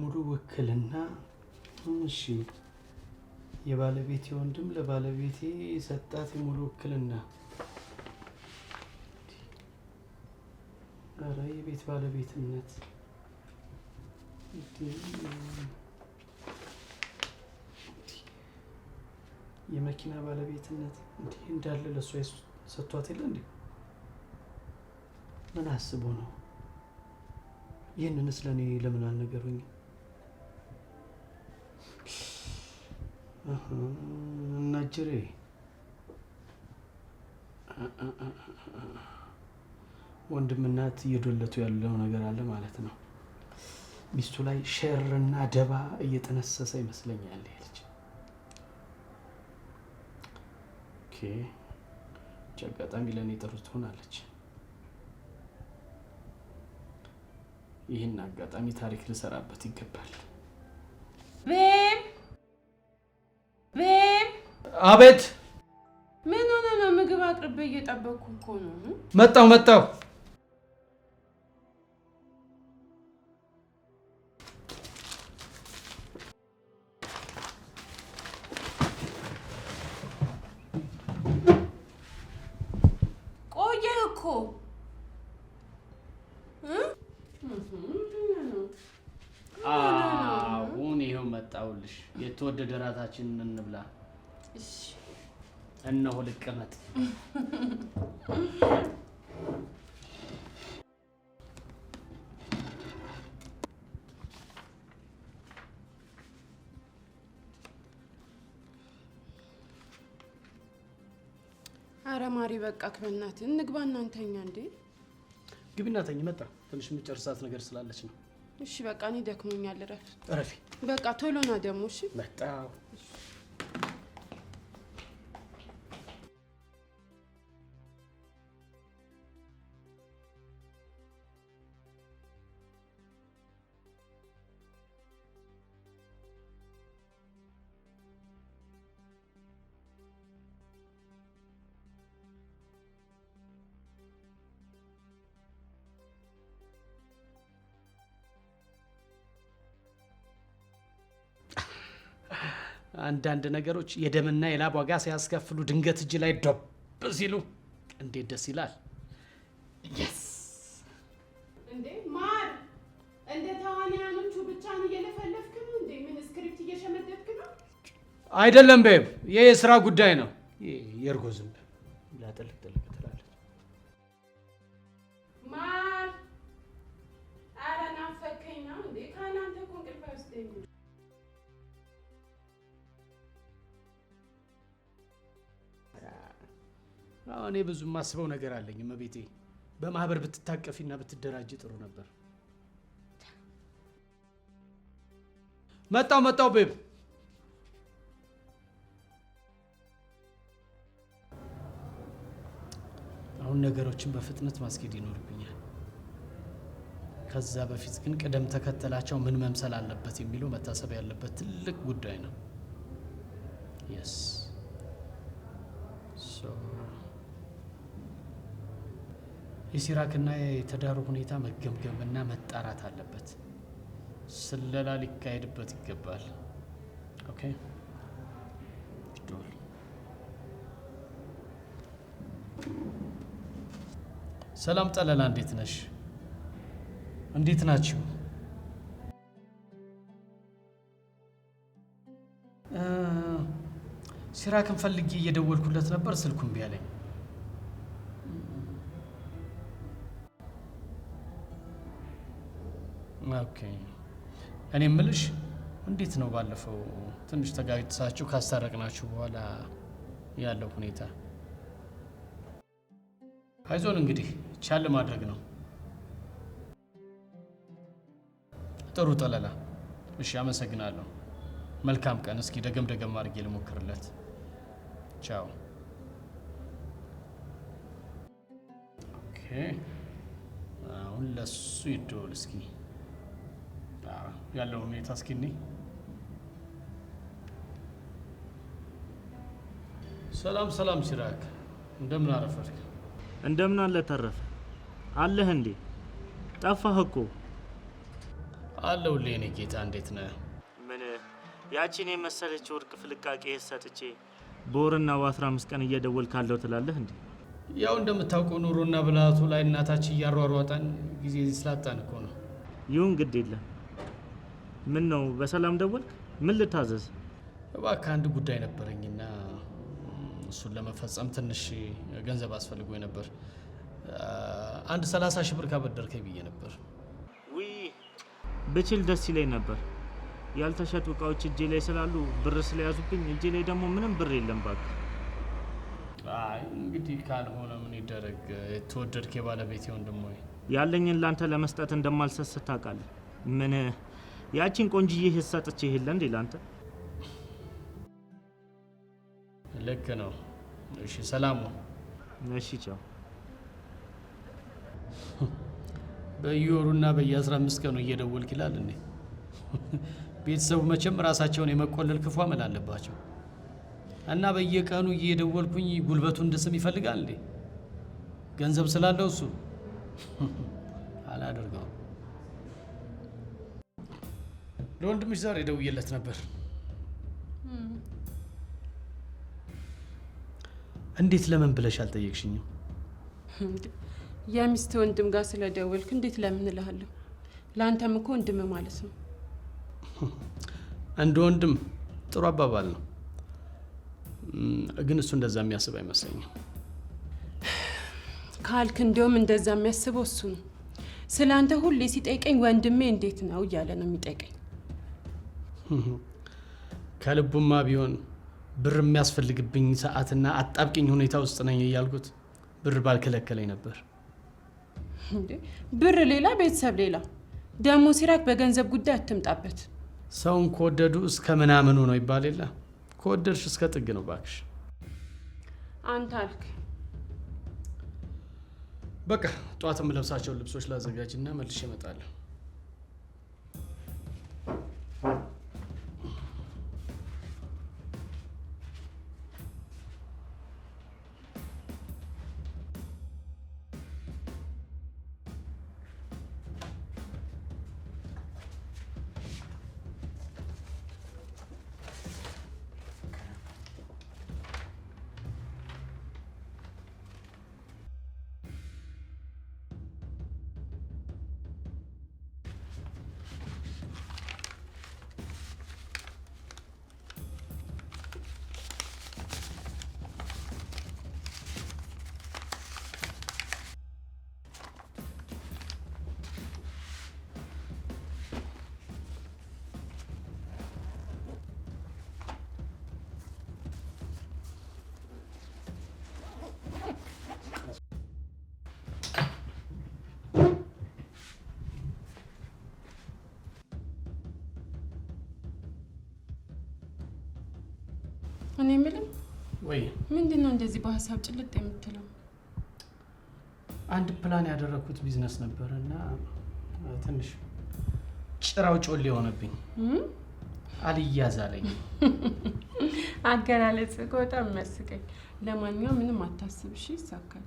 ሙሉ ውክልና እሺ የባለቤቴ ወንድም ለባለቤቴ የሰጣት የሙሉ ውክልና ኧረ የቤት ባለቤትነት የመኪና ባለቤትነት እንዲህ እንዳለ ለእሷ ሰጥቷት የለ እንዴ ምን አስቦ ነው ይህንን ስለ እኔ ለምን አልነገሩኝም? እናጅሬ ወንድምናት እየዶለቱ ያለው ነገር አለ ማለት ነው። ሚስቱ ላይ ሸርና ደባ እየጠነሰሰ ይመስለኛል። ልጅ አጋጣሚ ለእኔ ጥሩ ትሆናለች። ይህን አጋጣሚ ታሪክ ልሰራበት ይገባል። አቤት፣ ምን ሆነ ነው? ምግብ አቅርቤ እየጠበኩ እኮ ነው። መጣሁ መጣሁ። ምሳችንን እንብላ። እነሆ ልቀመጥ። አረ ማሪ በቃ ክበናት ንግባ እናንተኛ እንዴ ግቢና መጣ ትንሽ የምጨርሳት ነገር ስላለች ነው። እሺ በቃ እኔ ደክሞኛል፣ እረፍ እረፊ። በቃ ደግሞ። እሺ አንዳንድ ነገሮች የደምና የላብ ዋጋ ሲያስከፍሉ ድንገት እጅ ላይ ዶብ ሲሉ እንዴት ደስ ይላል! እንዴ ማር፣ እንደ ተዋንያኖቹ እየለፈለፍክ ነው እንዴ? ምን ስክሪፕት እየሸመደድክ ነው? አይደለም ቤብ፣ ይህ የስራ ጉዳይ ነው። የእርጎ ዝንብ እኔ ብዙ የማስበው ነገር አለኝ እመቤቴ። በማህበር ብትታቀፊና ብትደራጅ ጥሩ ነበር። መጣው መጣው ቤብ አሁን ነገሮችን በፍጥነት ማስኬድ ይኖርብኛል። ከዛ በፊት ግን ቅደም ተከተላቸው ምን መምሰል አለበት የሚለው መታሰብ ያለበት ትልቅ ጉዳይ ነው። የስ የሲራክና የተዳሩ ሁኔታ መገምገምና መጣራት አለበት። ስለላ ሊካሄድበት ይገባል። ኦኬ ሰላም ጠለላ፣ እንዴት ነሽ? እንዴት ናችሁ? ሲራክን ፈልጌ እየደወልኩለት ነበር ስልኩም ቢያለኝ። እኔ ምልሽ እንዴት ነው ባለፈው ትንሽ ተጋጭታችሁ ካስታረቅናችሁ በኋላ ያለው ሁኔታ? አይዞን እንግዲህ ቻል ማድረግ ነው። ጥሩ ጠለላ። እሺ አመሰግናለሁ። መልካም ቀን። እስኪ ደገም ደገም አድርጌ ልሞክርለት። ቻው። አሁን ለሱ ይደውል እስኪ ያለው ሁኔታ እስኪኒ ሰላም ሰላም፣ ሲራክ እንደምን አረፈርክ? እንደምን አለ ተረፈ። አለህ እንዴ? ጠፋህ እኮ። አለሁልህ የኔ ጌታ፣ እንዴት ነህ? ምን ያቺን የመሰለች ወርቅ ፍልቃቄ ሰጥቼ በወርና በአስራ አምስት ቀን እየደወል ካለው ትላለህ እንዴ? ያው እንደምታውቀው ኑሮና ብልሃቱ ላይ እናታችን እያሯሯጠን ጊዜ ስላጣን እኮ ነው። ይሁን ግድ የለም ምን ነው በሰላም ደወልክ? ምን ልታዘዝ? እባክህ አንድ ጉዳይ ነበረኝና እሱን ለመፈጸም ትንሽ ገንዘብ አስፈልጎ ነበር። አንድ ሰላሳ ሺህ ብር ካበደርከኝ ብዬ ነበር። ውይ ብችል ደስ ይለኝ ነበር። ያልተሸጡ እቃዎች እጄ ላይ ስላሉ ብር ስለያዙብኝ፣ እጄ ላይ ደግሞ ምንም ብር የለም። ባክ? እንግዲህ ካልሆነ ምን ይደረግ። የተወደድክ የባለቤቴ ወንድሞ ያለኝን ላንተ ለመስጠት እንደማልሰስ ታውቃለህ። ምን ያቺን ቆንጅዬ ሰጥቼ የለ እንዴ ላንተ? ልክ ነው። እሺ፣ ሰላም ነው። እሺ፣ ቻው። በየወሩና በየአስራ አምስት ቀኑ እየደወልክ ይላል እንዴ? ቤተሰቡ መቼም ራሳቸውን የመቆለል ክፉ አመል አለባቸው እና በየቀኑ እየደወልኩኝ ጉልበቱ እንድስም ይፈልጋል እንዴ? ገንዘብ ስላለው እሱ አላደርገው ለወንድምሽ ዛሬ ደውዬለት ነበር። እንዴት ለምን ብለሽ አልጠየቅሽኝም? የሚስት ወንድም ጋር ስለደወልክ እንዴት ለምን እልሃለሁ። ለአንተም እኮ ወንድም ማለት ነው። እንደ ወንድም ጥሩ አባባል ነው፣ ግን እሱ እንደዛ የሚያስብ አይመስለኝም። ካልክ እንዲሁም እንደዛ የሚያስበው እሱ ነው። ስለ አንተ ሁሌ ሲጠይቀኝ ወንድሜ እንዴት ነው እያለ ነው የሚጠይቀኝ። ከልቡማ ቢሆን ብር የሚያስፈልግብኝ ሰዓትና አጣብቅኝ ሁኔታ ውስጥ ነኝ እያልኩት ብር ባልከለከለኝ ነበር። ብር ሌላ፣ ቤተሰብ ሌላ። ደግሞ ሲራክ በገንዘብ ጉዳይ አትምጣበት። ሰውን ከወደዱ እስከ ምናምኑ ነው ይባል የለ። ከወደድሽ እስከ ጥግ ነው ባክሽ። አንተ አልክ። በቃ ጠዋት የምለብሳቸውን ልብሶች ላዘጋጅና መልሼ እመጣለሁ። ነው የምልም። ወይ ምንድን ነው እንደዚህ በሀሳብ ጭልጥ የምትለው? አንድ ፕላን ያደረግኩት ቢዝነስ ነበር እና ትንሽ ጭራው ጮሌ የሆነብኝ አልያዝ አለኝ። አገላለጽ በጣም መስቀኝ። ለማንኛውም ምንም አታስብሽ፣ ይሳካል።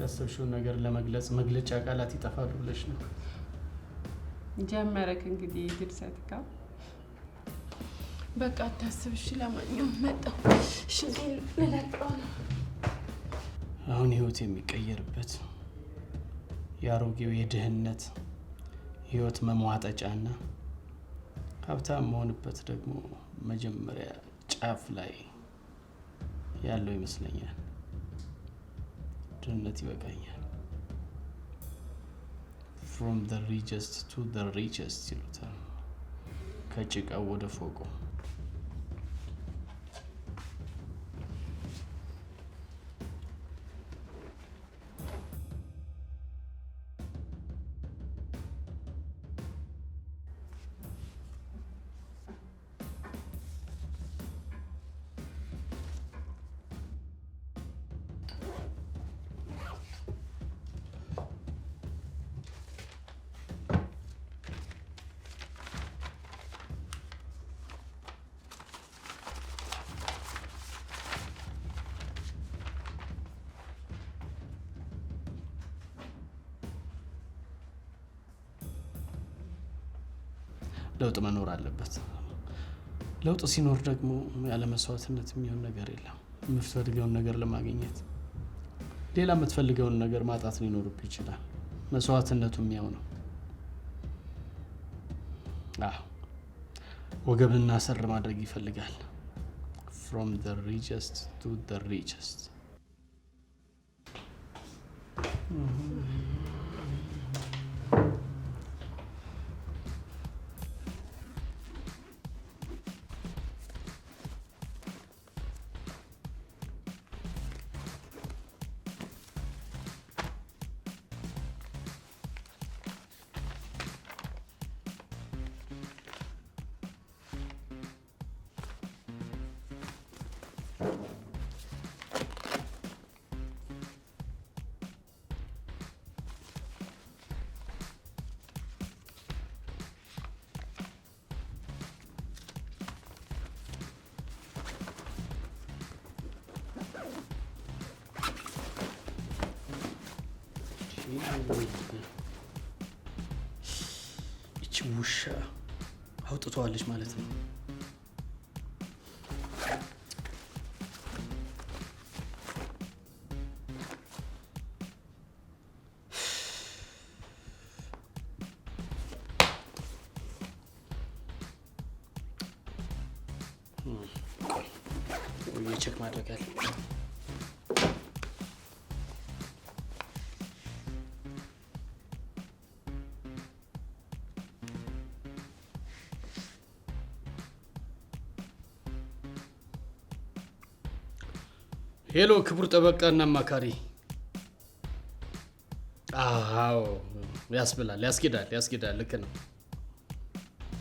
ያሰብሽውን ነገር ለመግለጽ መግለጫ ቃላት ይጠፋሉ ብለሽ ነው ጀመረክ እንግዲህ ድርሰት ጋር በቃ አታስብ። እሺ ለማንኛውም መጣሁ። ሽንቴን ልለቀው ነው። አሁን ህይወት የሚቀየርበት የአሮጌው የድህነት ህይወት መሟጠጫና ሀብታም መሆንበት ደግሞ መጀመሪያ ጫፍ ላይ ያለው ይመስለኛል። ድህነት ይበቃኛል። ፍሮም ዘ ሪቸስት ቱ ዘ ሪቸስት ይሉታል። ከጭቃው ወደ ፎቁ ለውጥ መኖር አለበት። ለውጥ ሲኖር ደግሞ ያለ መስዋዕትነት የሚሆን ነገር የለም። የምትፈልገውን ነገር ለማግኘት ሌላ የምትፈልገውን ነገር ማጣት ሊኖርብ ይችላል። መስዋዕትነቱ የሚያው ነው። ወገብና ሰር ማድረግ ይፈልጋል። ፍሮም ዘ ቱ ዘ ሪቸስት ይች ውሻ አውጥተዋለች ማለት ነው። ሄሎ ክቡር ጠበቃና አማካሪ። አዎ ያስብላል፣ ያስጌዳል፣ ያስጌዳል። ልክ ነው።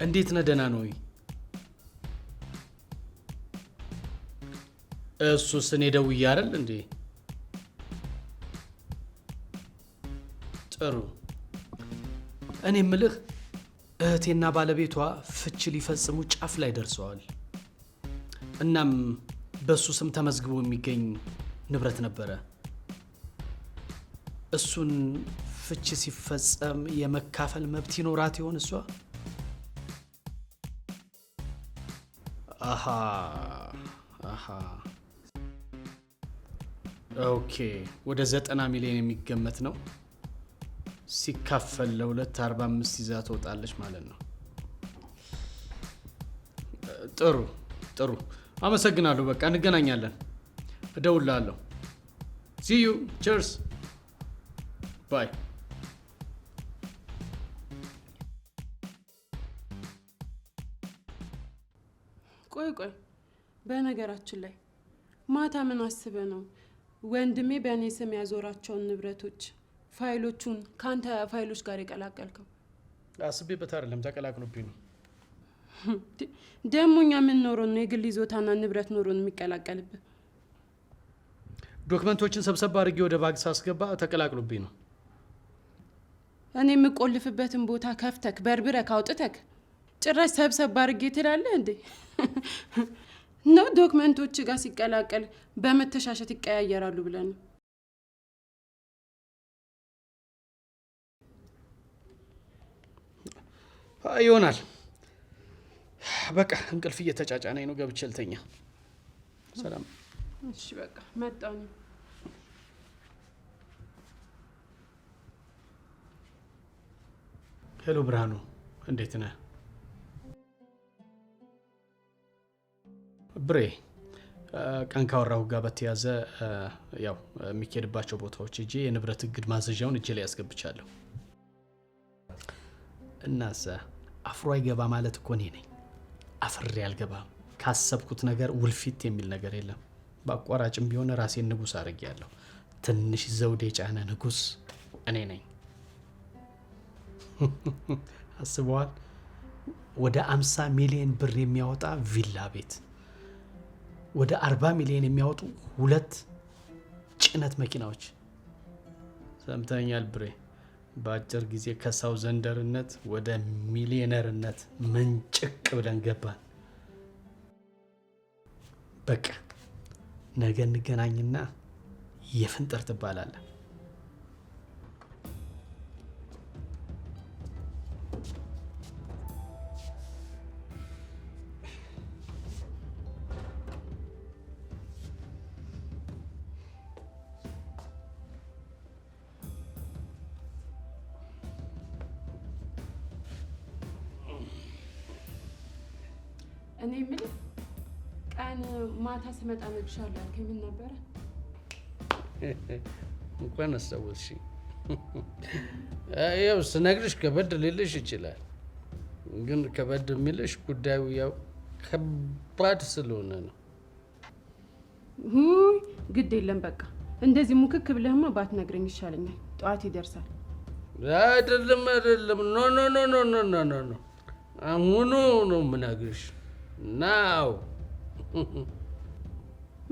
እንዴት ነ ደህና ነው። እሱ ስኔ ደው እያረል እንዴ? ጥሩ። እኔ ምልህ እህቴና ባለቤቷ ፍች ሊፈጽሙ ጫፍ ላይ ደርሰዋል። እናም በእሱ ስም ተመዝግቦ የሚገኝ ንብረት ነበረ። እሱን ፍች ሲፈጸም የመካፈል መብት ይኖራት ይሆን እሷ? ኦኬ ወደ ዘጠና ሚሊዮን የሚገመት ነው። ሲካፈል ለሁለት አርባ ይዛ ትወጣለች ማለት ነው። ጥሩ ጥሩ አመሰግናለሁ። በቃ እንገናኛለን። እደውላለሁ። ሲዩ ቸርስ ባይ። ቆይ ቆይ፣ በነገራችን ላይ ማታ ምን አስበ ነው ወንድሜ በእኔ ስም ያዞራቸውን ንብረቶች ፋይሎቹን ከአንተ ፋይሎች ጋር የቀላቀልከው? አስቤበት አይደለም፣ ተቀላቅሎብኝ ነው። ደግሞ እኛ ምን ኖሮን ነው የግል ይዞታና ንብረት ኖሮን የሚቀላቀልበት ዶክመንቶችን ሰብሰብ አድርጌ ወደ ባግ ሳስገባ ተቀላቅሎብኝ ነው። እኔ የምቆልፍበትን ቦታ ከፍተክ በርብረክ አውጥተክ ጭራሽ ሰብሰብ አድርጌ ትላለህ እንዴ? ነው ዶክመንቶች ጋር ሲቀላቀል በመተሻሸት ይቀያየራሉ ብለን ነው። ይሆናል በቃ እንቅልፍ እየተጫጫነኝ ነው። ገብቼ ልተኛ። ሰላም። እሺ በቃ መጣሁ። ሄሎ ብርሃኑ፣ እንዴት ነህ? ብሬ ቀን ካወራሁ ጋር በተያዘ ያው የሚኬድባቸው ቦታዎች እጄ የንብረት እግድ ማዘዣውን እጄ ላይ ያስገብቻለሁ። እናሰ አፍሮ አይገባ ማለት እኮ እኔ ነኝ። አፍሬ አልገባም። ካሰብኩት ነገር ውልፊት የሚል ነገር የለም። በአቋራጭም ቢሆን ራሴን ንጉስ አድርጌያለሁ። ትንሽ ዘውድ የጫነ ንጉስ እኔ ነኝ። አስበዋል። ወደ 50 ሚሊዮን ብር የሚያወጣ ቪላ ቤት፣ ወደ 40 ሚሊዮን የሚያወጡ ሁለት ጭነት መኪናዎች። ሰምተኛል ብሬ በአጭር ጊዜ ዘንደርነት ወደ ሚሊዮነርነት መንጭቅ ብለን ገባን። በቃ ነገ እንገናኝና የፍንጥር ትባላለን። ስትመጣ እነግርሻለሁ ያልከኝ ምን ነበረ? እንኳን አስታወስሽ። ያው ስነግርሽ ከበድ ሊልሽ ይችላል፣ ግን ከበድ የሚልሽ ጉዳዩ ያው ከባድ ስለሆነ ነው። ግድ የለም በቃ እንደዚህ ሙክክ ብለህማ ባትነግረኝ ይሻለኛል። ጠዋት ይደርሳል። አይደለም አይደለም፣ ኖ ኖ ኖ ኖ ኖ ኖ ኖ አሁኑ ነው የምነግርሽ ናው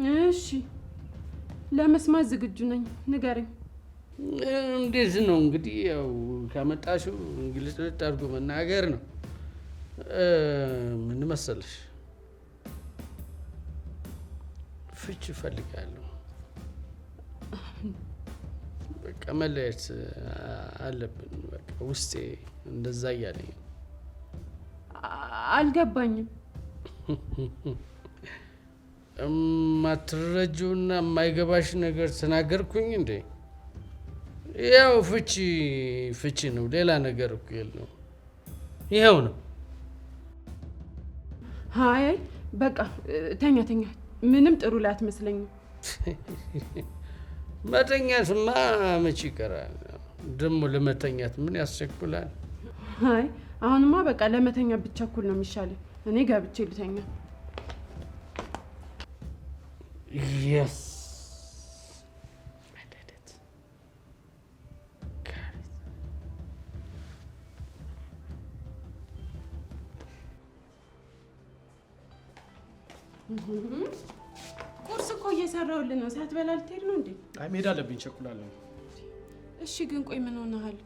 እሺ፣ ለመስማት ዝግጁ ነኝ። ንገረኝ። እንዴት ነው እንግዲህ ያው ከመጣሽው እንግሊዝ አድርጎ መናገር ነው። ምን መሰለሽ ፍች እፈልጋለሁ። በቃ መለየት አለብን። በቃ ውስጤ እንደዛ እያለኝ አልገባኝም። የማትረጂውና የማይገባሽ ነገር ተናገርኩኝ እንዴ? ያው ፍቺ ፍቺ ነው፣ ሌላ ነገር እኮ የለው። ይኸው ነው። አይ በቃ ተኛ ተኛ፣ ምንም ጥሩ ላይ አትመስለኝም። መተኛትማ መቼ ይቀራል? ደግሞ ለመተኛት ምን ያስቸኩላል? አይ አሁንማ በቃ ለመተኛ ብቻኩል ነው የሚሻለኝ። እኔ ብቻ ልተኛ። Yes. I did it. Got it. ቁርስ እኮ እየሰራሁልህ ነው። ሳትበላ ልትሄድ ነው እንዴ? አይ መሄድ አለብኝ፣ እሺ ግን ቆይ ምን ሆነሃል?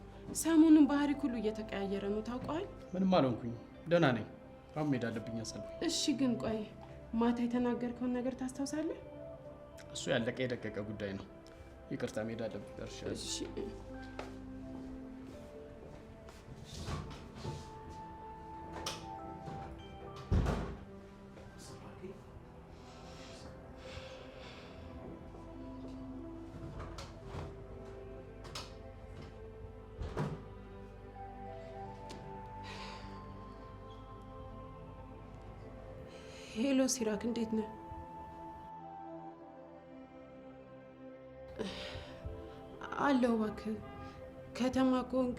ሰሞኑን ባህሪ ሁሉ እየተቀያየረ ነው ታውቀዋል። ምንም አልሆንኩኝ፣ ደህና ነኝ። አሁን መሄድ አለብኝ። እሺ ግን ቆይ ማታ የተናገርከውን ነገር ታስታውሳለህ? እሱ ያለቀ የደቀቀ ጉዳይ ነው። ይቅርታ ሜዳ አለብኝ። ሄሎ ሲራክ፣ እንዴት ነህ? አለው እባክህ። ከተማ ከሆንክ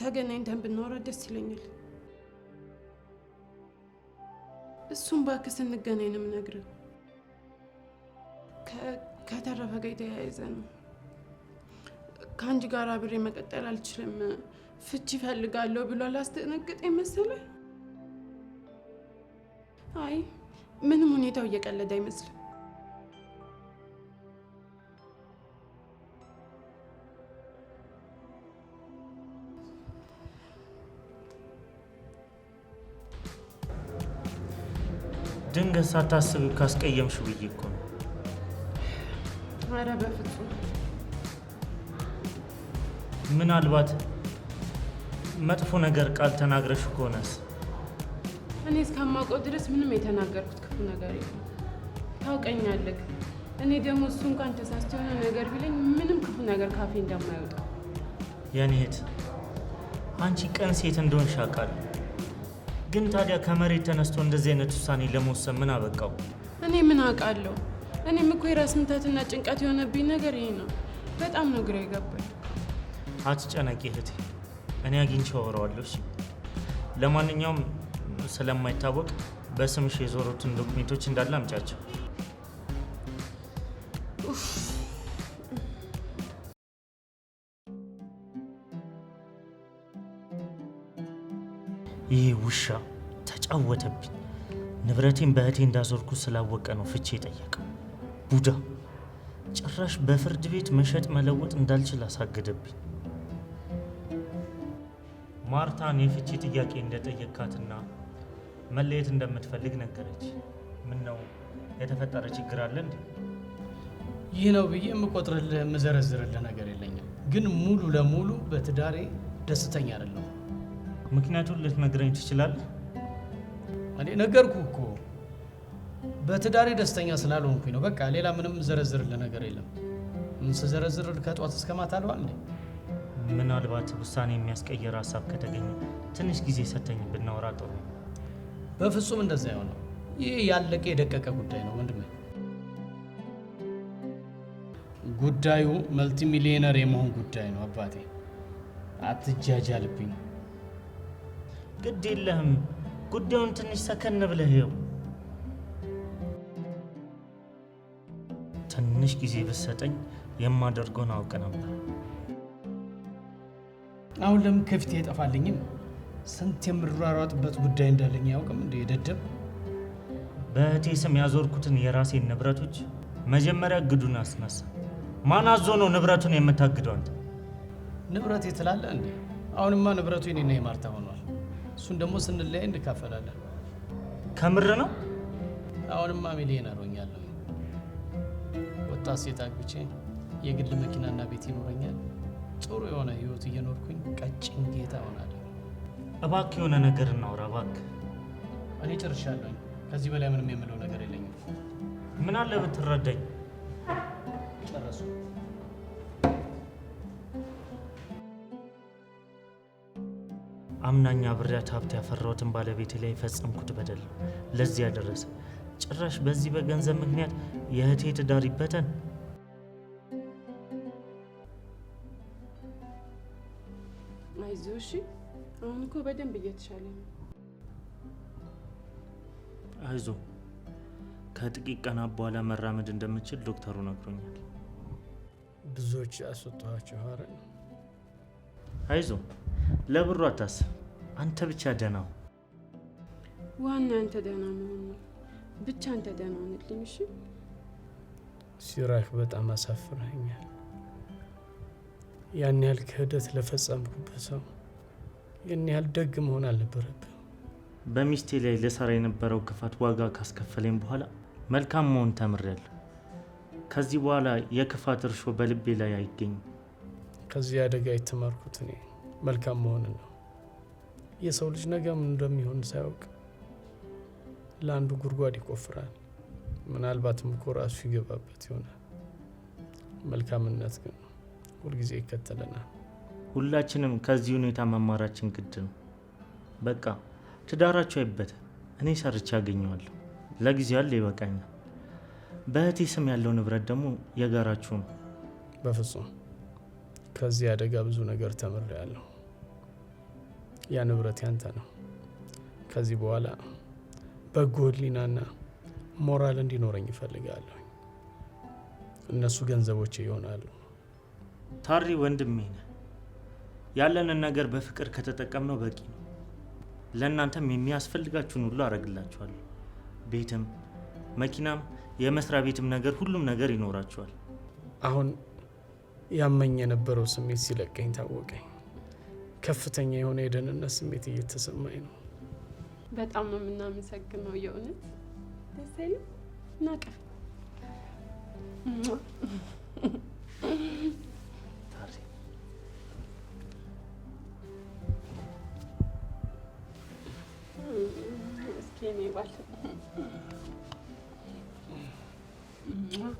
ተገናኝተን ብናወራ ደስ ይለኛል። እሱም እባክህ ስንገናኝ ነው የምነግርህ። ከተረፈ ጋር የተያያዘ ነው። ከአንቺ ጋር አብሬ መቀጠል አልችልም፣ ፍቺ ይፈልጋለሁ ብሎ አላስደነግጠኝ መሰለህ? አይ ምንም ሁኔታው እየቀለደ አይመስልም። ድንገት ሳታስብ ካስቀየምሽው ብዬ እኮ ነው። ኧረ በፍጹም ምናልባት መጥፎ ነገር ቃል ተናግረሽ ከሆነስ? እኔ እስከማውቀው ድረስ ምንም የተናገርኩት ክፉ ነገር የለም። ታውቀኛለህ። እኔ ደግሞ እሱ እንኳን ተሳስቶ የሆነ ነገር ቢለኝ ምንም ክፉ ነገር ካፌ እንደማይወጣ የኔ እህት፣ አንቺ ቀን ሴት እንደሆንሽ አውቃለሁ ግን ታዲያ ከመሬት ተነስቶ እንደዚህ አይነት ውሳኔ ለመወሰን ምን አበቃው? እኔ ምን አውቃለሁ። እኔም እኮ የራስ ምታትና ጭንቀት የሆነብኝ ነገር ይሄ ነው። በጣም ነው ግራ የገባኝ። አትጨነቂ እህቴ፣ እኔ አግኝቼ አወራዋለሁ። ለማንኛውም ስለማይታወቅ በስምሽ የዞሩትን ዶክሜንቶች እንዳለ አምጫቸው። ይህ ውሻ ተጫወተብኝ። ንብረቴን በእህቴ እንዳዞርኩ ስላወቀ ነው ፍቼ የጠየቀው። ቡዳ ጭራሽ በፍርድ ቤት መሸጥ መለወጥ እንዳልችል አሳገደብኝ። ማርታን የፍቼ ጥያቄ እንደጠየካትና መለየት እንደምትፈልግ ነገረች። ምን ነው የተፈጠረ ችግር አለ እንዴ? ይህ ነው ብዬ የምቆጥርልህ የምዘረዝርልህ ነገር የለኝም፣ ግን ሙሉ ለሙሉ በትዳሬ ደስተኛ አይደለሁም። ምክንያቱን ልትነግረኝ ትችላለህ? እኔ ነገርኩ እኮ በትዳሬ ደስተኛ ስላልሆንኩኝ ነው። በቃ ሌላ ምንም ዘረዝርልህ ነገር የለም። ምን ስዘረዝር ከጧት እስከ ማታ አለዋል። ምናልባት ውሳኔ የሚያስቀየር ሀሳብ ከተገኘ ትንሽ ጊዜ ሰተኝ ብናወራ ጥሩ። በፍጹም እንደዛ የሆነው ይህ ያለቀ የደቀቀ ጉዳይ ነው ወንድሜ። ጉዳዩ መልቲሚሊዮነር የመሆን ጉዳይ ነው አባቴ። አትጃጃልብኝ። ግድ የለህም። ጉዳዩን ትንሽ ሰከን ብለህ ይኸው ትንሽ ጊዜ ብትሰጠኝ የማደርገውን አውቅ ነበር። አሁን ለምን ከፊት አይጠፋልኝም? ስንት የምሯሯጥበት ጉዳይ እንዳለኝ ያውቅም። እንደ የደደብ በእህቴ ስም ያዞርኩትን የራሴን ንብረቶች መጀመሪያ ግዱን አስነሳ። ማን አዞ ነው ንብረቱን የምታግደው አንተ? ንብረት የትላለ እንዴ? አሁንማ ንብረቱ የኔና የማርታ ሆኗል። እሱን ደግሞ ስንለያይ እንካፈላለን። ከምር ነው። አሁንማ ሚሊየን አሮኛለሁ። ወጣት ሴት አግብቼ የግል መኪናና ቤት ይኖረኛል። ጥሩ የሆነ ህይወት እየኖርኩኝ ቀጭን ጌታ ሆናለሁ። እባክ የሆነ ነገር እናውራ እባክ። እኔ ጨርሻለሁኝ። ከዚህ በላይ ምንም የምለው ነገር የለኝም። ምን አለ ብትረዳኝ። ጨረሱ። አምናኛ ብሪያት ሀብት ያፈራሁትን ባለቤቴ ላይ የፈጸምኩት በደል ለዚህ ያደረሰ ጭራሽ በዚህ በገንዘብ ምክንያት የእህቴ ትዳር ይበተን። አይዞህ እሺ፣ አሁን እኮ በደንብ እየተሻለ ነው። አይዞህ፣ ከጥቂት ቀናት በኋላ መራመድ እንደምችል ዶክተሩ ነግሮኛል። ብዙዎች አስወጥኋቸው። አይዞ፣ ለብሩ አታስብ። አንተ ብቻ ደህና ሁን። ዋና አንተ ደህና መሆን ነው። ብቻ አንተ ደህና ሁንልኝ እሺ። ሲራክ በጣም አሳፍረኛል። ያን ያህል ክህደት ለፈጸምኩበት ሰው ያን ያህል ደግ መሆን አልነበረብም። በሚስቴ ላይ ለሰራ የነበረው ክፋት ዋጋ ካስከፈለኝ በኋላ መልካም መሆን ተምሬያለሁ። ከዚህ በኋላ የክፋት እርሾ በልቤ ላይ አይገኝም። ከዚህ አደጋ የተማርኩት እኔ መልካም መሆን ነው። የሰው ልጅ ነገ ምን እንደሚሆን ሳያውቅ ለአንዱ ጉድጓድ ይቆፍራል። ምናልባትም እኮ ራሱ ይገባበት ይሆናል። መልካምነት ግን ሁልጊዜ ይከተለናል። ሁላችንም ከዚህ ሁኔታ መማራችን ግድ ነው። በቃ ትዳራቸው አይበት እኔ ሰርቼ ያገኘዋለሁ። ለጊዜው ያለ ይበቃኛል። በእህቴ ስም ያለው ንብረት ደግሞ የጋራችሁ ነው። በፍጹም ከዚህ አደጋ ብዙ ነገር ተምሬያለሁ። ያ ንብረት ያንተ ነው። ከዚህ በኋላ በጎ ሕሊናና ሞራል እንዲኖረኝ እፈልጋለሁ። እነሱ ገንዘቦቼ ይሆናሉ። ታሪ ወንድሜ ነህ። ያለንን ነገር በፍቅር ከተጠቀምነው በቂ ነው። ለእናንተም የሚያስፈልጋችሁን ሁሉ አረግላችኋለሁ። ቤትም፣ መኪናም፣ የመስሪያ ቤትም ነገር ሁሉም ነገር ይኖራችኋል። አሁን ያመኝ የነበረው ስሜት ሲለቀኝ ታወቀኝ። ከፍተኛ የሆነ የደህንነት ስሜት እየተሰማኝ ነው። በጣም ነው የምናመሰግነው። የእውነት ደስ ይል ናቀፍ እስኪ ባል